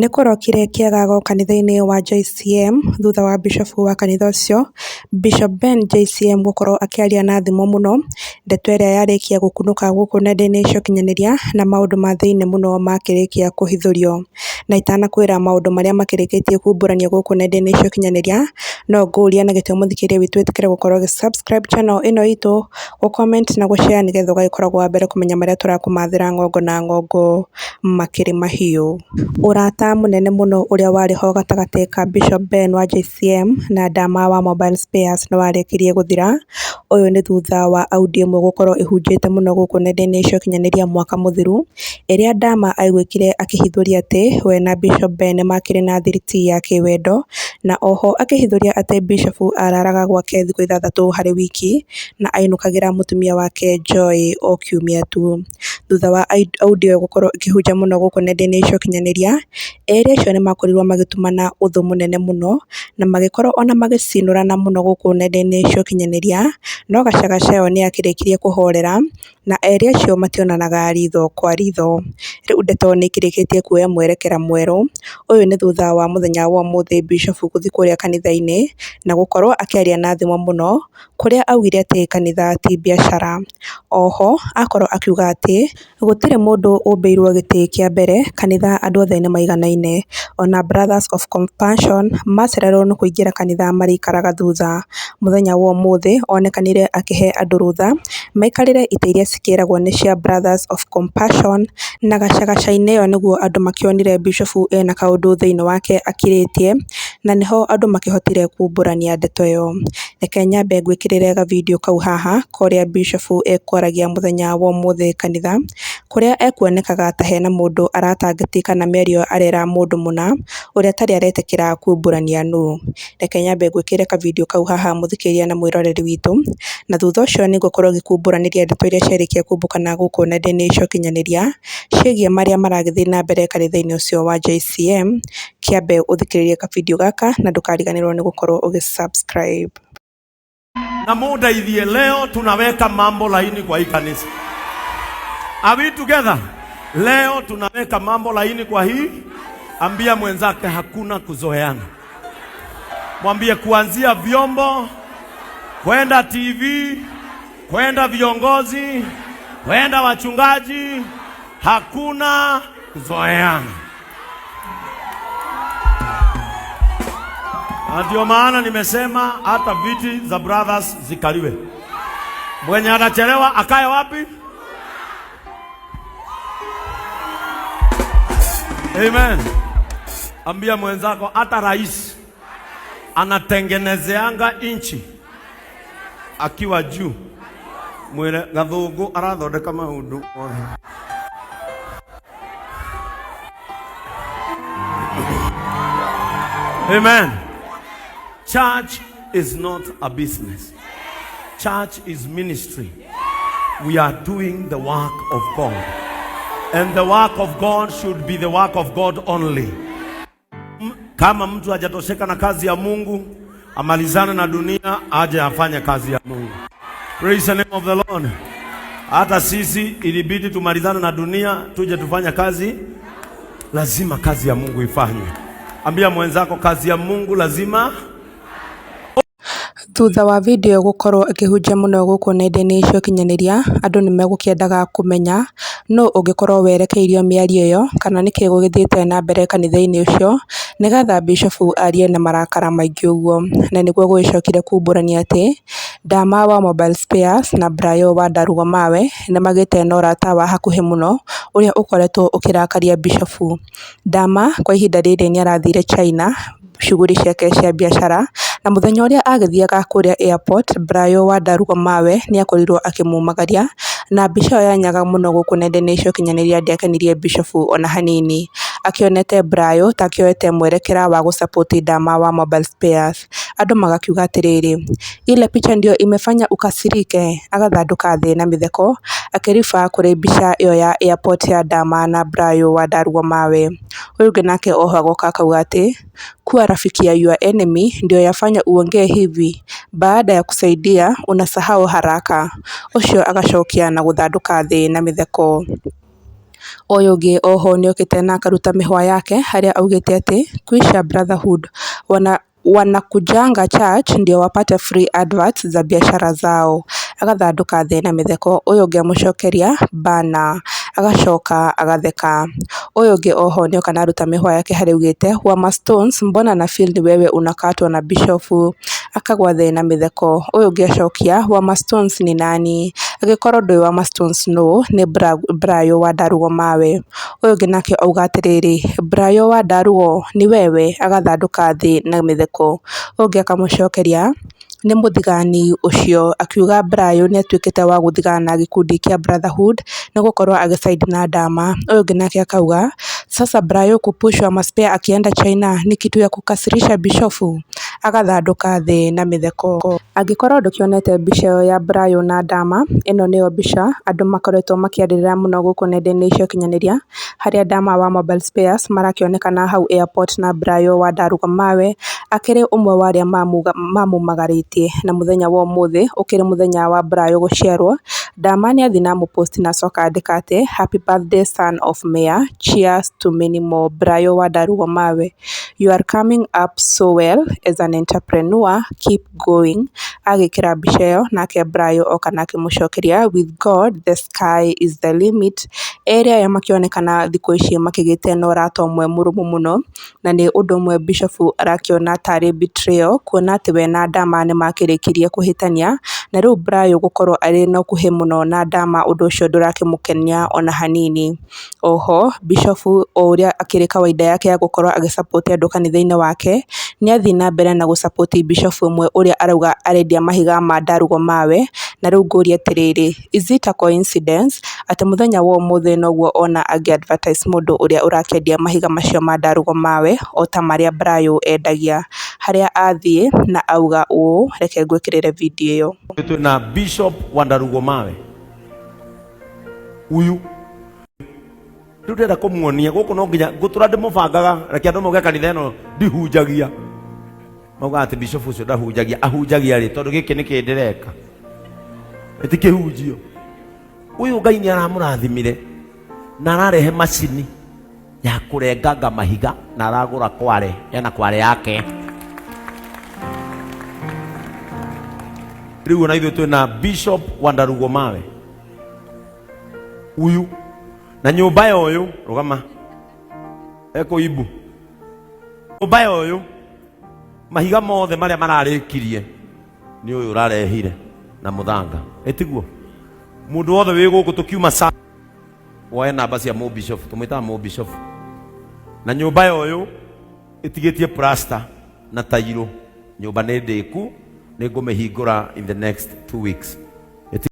Nĩ kũrokire kĩagago kanitha-inĩ wa JCM thutha wa bishofu wa kanitha ũcio Bishop Ben JCM gũkorwo akĩaria na thimo mũno ndeto ĩrĩa yarĩkia gũkunũka gũkũ nenda-inĩ cia ũkinyanĩria na maũndũ ma thĩinĩ mũno makĩrĩkia kũhithũrio. Na itanakwĩra maũndũ marĩa makĩrĩkĩtie kumbũranio gũkũ nenda-inĩ cia ũkinyanĩria no nguria na gitå mũthikĩria witũ wĩtĩkĩre gũkorwo gĩ-subscribe channel ĩno itũ gũ-comment na gũ-share nĩgetha ũgagĩkoragwo wa mbere kũmenya marĩa tũrakũmathĩra ng'ongo na ng'ongo makĩrĩ mahiũ ũrata mũnene mũno ũrĩa warĩ ho gatagatĩ ka Bishop Ben wa JCM na Dama wa Mobile Spares nĩ warĩkirie gũthira ũyũ nĩ thutha wa audio ĩmwe gũkorwo ĩhunjĩte mũno gũkũ nenda-inĩ cia ũkinyanĩria mwaka mũthiru ĩrĩa Ndama aigwĩkire akĩhithũria atĩ we na Bishop Ben makĩrĩ na thiriti ya kĩwendo na oho akĩhithũria atĩ Bishofu araraga gwake thikũ ithathatũ harĩ wiki na ainũkagĩra mũtumia wake Joy o kiumia tu. Thutha wa audio ĩyo gũkorwo ĩkĩhunja mũno gũkũ nenda-inĩ cia ũkinyanĩria, erĩ acio nĩ makorirwo magĩtumana ũthũ mũnene mũno na magĩkorwo ona magĩcinũrana mũno gũkũ nenda-inĩ cia ũkinyanĩria, no gacagaca ĩyo yakĩrĩkirie kũhorera na erĩ acio mationanaga ritho kwa ritho. Rĩu ndeto nĩ ĩkĩrĩkĩtie kuoya mwerekera mwerũ, ũyũ nĩ thutha wa mũthenya wa ũmũthĩ Bishofu gũthiĩ kũrĩa kanitha-inĩ na gũkorwo akĩaria na thimũ mũno kũrĩa augire atĩ kanitha ti biacara. Oho akorwo akiuga atĩ gũtirĩ mũndũ ũmbĩirwo gĩtĩ kĩa mbere kanitha andũ othe maiganaine, ona Brothers of Compassion macererwo nĩ kũingĩra kanitha marĩikaraga thutha. Mũthenya wa ũmũthĩ onekanire akĩhe andũ rũtha maikarĩre itĩ iria cikĩragwo nĩ cia Brothers of Compassion na gacagaca-inĩ ĩyo nĩguo andũ makĩonire bishofu ena kaũndũ thĩiniĩ wake akirĩtie na nĩho andũ makĩhotire kumbũrania ndeto ĩyo. Reke nyambe ngwĩkĩrĩre gavideo kau haha korĩa Bishop ekwaragia mũthenya wa ũmũthĩ kanitha kũrĩa ekuonekaga ta hena mũndũ aratangati kana mĩario arera mũndũ mũna ũrĩa atarĩ aretĩkĩra kumbũrania nũ. Reke nyambe ngwĩkĩre kavidiũ kau haha mũthikĩria na mwĩroreri witũ, na thutha ũcio ngũkorwo ngĩkumbũranĩria ndeto iria ciarĩkia kumbũkana gũkũ nenda-inĩ cia ũkinyanĩria ciĩgiĩ marĩa maragĩthiĩ na mbere kanitha-inĩ ũcio wa JCM. Kĩambe ũthikĩrĩrie kavidiũ gaka na ndũkariganĩrwo nĩ gũkorwo ũgĩ-subscribe. Na mũndeithie, leo tunaweka mambo laini kwa ikanisa. Are we together? Leo tunaweka mambo laini kwa hii. Ambia mwenzake hakuna kuzoeana. Mwambie kuanzia vyombo kwenda TV kwenda viongozi kwenda wachungaji, hakuna kuzoeana. Na ndio maana nimesema hata viti za brothers zikaliwe. Mwenye anachelewa akaye wapi? Amen. Ambia mwenzako hata rais anatengenezeanga inchi akiwa juu, mwire gathungu arathondeka maundu mothe Amen. Church is not a business. Church is ministry. We are doing the work of God. And the work of God should be the work of God only. Kama mtu hajatosheka na kazi ya Mungu, amalizane na dunia, aje afanye kazi ya Mungu. Praise the name of the Lord. Hata sisi ilibidi tumalizane na dunia, tuje tufanye kazi. Lazima kazi ya Mungu ifanywe. Ambia mwenzako kazi ya Mungu lazima Thutha wa video ĩyo gũkorwo ĩkĩhunjio mũno gũkũ nenda-inĩ cia ũkinyanĩria, andũ nĩmegũkĩendaga kũmenya nũũ ũngĩkorwo werekeirio mĩario ĩyo kana nĩkĩĩ gũgĩthiĩte na mbere kanitha-inĩ ũcio, nĩgetha Bishop arie na marakara maingĩ ũguo. Na nĩguo gũgĩcokire kuumbũrania atĩ Daama wa Mobile Spares na Brayo wa Ndarũgwa Mawe nĩmagĩte na ũrata wa hakuhĩ mũno ũrĩa ũkoretwo ũkĩrakaria Bishop. dama kwa ihinda rĩrĩ nĩarathire China shughuli ciake cia biacara na muthenya ũrĩa agĩthiaga kuria airport Brayo Wyandarũa Mawe nĩakorirwo akimumagaria na mbica ĩyo yanyaga mũno gũkũ nenda-inĩ cia ũkinyanĩria ndĩakenirie Bishofu ona hanini akionete Brayo ta akĩoete mwerekera wa gũsapoti Dama wa Mobile Spares, andũ magakiuga atĩrĩrĩ, ile picha ndio imefanya ukasirike, agathandũka thĩ na mitheko akĩriba kũrĩ mbica ĩyo ya airport ya Dama na Brayo Wandarua Mawe. Huyu ũngĩ nake oho agoka akauga ati kuwa rafiki ya your enemy ndio yafanya uongee hivi baada ya kusaidia unasahau haraka. Ũcio agacokia na gũthandũka thĩ na mitheko Ũyũ ũngĩ oho nĩokĩte na akaruta mĩhwa yake harĩa augĩte atĩ Kwisha Brotherhood wana wanakujanga church ndio wapate free adverts za biashara zao. Agathandũka thĩ na mĩtheko. Ũyũ ũngĩ amũcokeria bana agacoka agatheka. Ũyũ ũngĩ oho nĩoka na aruta mĩhwa yake harĩa augĩte Wama Stones mbona Nafill ni wewe unakatwa na bishofu. Akagwa thĩ na mĩtheko. Ũyũ ũngĩ acokia Wama Stones ni nani? Angĩkorwo ndũĩ wa Maston Snow nĩ Brayo wa Ndarugo mawe. Ũyũ ũngĩ nake auga atĩrĩrĩ, Brayo wa Ndarugo nĩ wewe agathanduka thi na mitheko Ũyũ ũngĩ ni muthigani ucio akiuga Brayo nĩ atuĩkĩte wa gũthigana na gĩkundi kĩa Brotherhood nĩgũkorwo agĩcaindi na Dama. Ũyũ ũngĩ nake akauga, sasa Brayo kupushwa maspea akienda China ni kitu ya kukasirisha bishofu agathandũka thĩ na mĩtheko. Angĩkorwo ndũkĩonete mbica ĩyo ya Brian na Ndama, ĩno nĩyo mbica andũ makoretwo makĩarĩrĩra mũno gũkũ nenda-inĩ cia ũkinyanĩria, harĩa Ndama wa Mobile Spares marakĩonekana hau airport na Brian wa Mawe akĩrĩ ũmwe wa arĩa mamũmagarĩtie, na mũthenya wa ũmũthĩ ũkĩrĩ mũthenya wa Brian gũciarwo, Ndama nĩ athiĩ na amũ post na acoka andĩka atĩ happy birthday son of Mayor, cheers to many more Brian wa Mawe. you are coming up so well as a an entrepreneur, keep going agikira mbica ĩyo nake Brayo oka na akĩmũcokeria with God the sky is the limit, area ya makĩonekana thikũ ici makigite na ũrata ũmwe murumu muno na ni ũndũ ũmwe Bishop arakĩona tarĩ betrayal kuona atĩ we na Ndama nĩmakĩrĩkirie kũhĩtania na rĩu Brayo gũkorwo arĩ na ũkuhĩ mũno na Ndama ũndũ ũcio ndũrakĩmũkenia ona hanini. Oho Bishop o ũrĩa akĩrĩ kawaida yake ya gũkorwo agĩcapoti andũ kanitha-inĩ wake, nĩ athiĩ na mbere na gũcapoti Bishop ũmwe ũrĩa arauga arendia mahiga ma Ndarugo mawe na rĩu ngũria atĩrĩrĩ, is it a coincidence atĩ mũthenya wa ũmũthĩ noguo Ona angĩ-advertise mũndũ ũrĩa ũrakĩendia mahiga macio ma ndarugo mawe o ta marĩa Brayo endagia. Harĩa athiĩ na auga ũũ, reke ngwĩkĩrĩre video ĩyo. Na Bishop wa Ndarugu mawe huyu kå ndĩrenda kũmuonia gũkũ no nginya ngũtũra ndĩmũbangaga reke andũ mauge kanitha ĩno ndihunjagia maugaga atĩ bishop ũcio ndahunjagia ahunjagia rĩ tondũ gĩkĩ nĩkĩ ndĩreka ĩtikĩ hunjio ũyũ Ngai nĩ aramũrathimire na ararehe macini ya kũrenganga mahiga na aragũra kware ena kware yake rĩu ona ithuĩ na Bishop Wandarugo mawe uyu na nyũmba ya ũyũ rũgama eko ibu nyũmba ya ũyũ mahiga mothe marĩa mararĩkirie nĩ ũyũ ũrarehire na muthanga etiguo mundu wothe wi guku tukiuma sa woe namba cia mubishop tumwitaga mubishop na nyumba yoyu itigitie plaster na tairo nyumba ni ndiku ni ngumihingura in the next two weeks